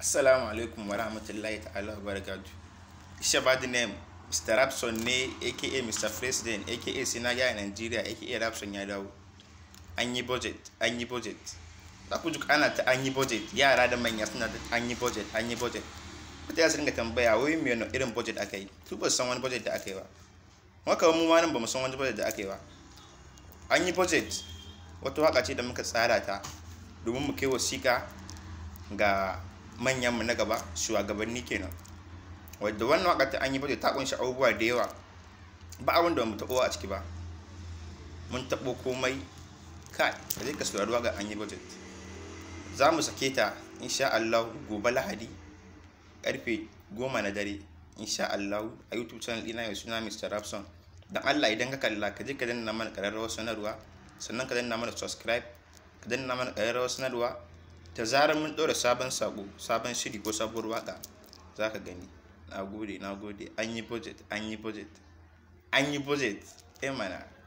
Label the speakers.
Speaker 1: Assalamu alaikum wa rahmatullahi ta'ala wa barakatu. Shabad name Mr. Rapson ne aka Mr. President aka Sinaga a Nigeria aka Rapson ya dawo. An yi budget, an yi budget. Za ku duk ana ta an yi budget, yara da manya suna da an yi budget, an yi budget. ya su dinga tambaya wai me no irin budget aka yi. Su ba san wani budget da aka yi ba. Maka mu ma nan ba mu san wani budget da aka yi ba. An yi budget wata waka ce da muka tsara ta domin mu kai wasiƙa ga manyan mu na gaba shugabanni kenan wadda wannan wakar ta an yi bada ta kunshi abubuwa da yawa ba abin da mu tabo a ciki ba mun tabo komai kai da zai ka saurari ga an yi budget za mu sake ta insha Allah gobe lahadi karfe goma na dare insha Allah a youtube channel ina yau suna Mr. Rapson dan Allah idan ka kalla ka je ka danna mana kararrawar sanarwa sannan ka danna mana subscribe ka danna mana kararrawar sanarwa da zarar mun ɗora sabon sako sabon shiri ko sabuwar waka za ka gani na gode na gode an yi budget an yi budget an yi budget eh mana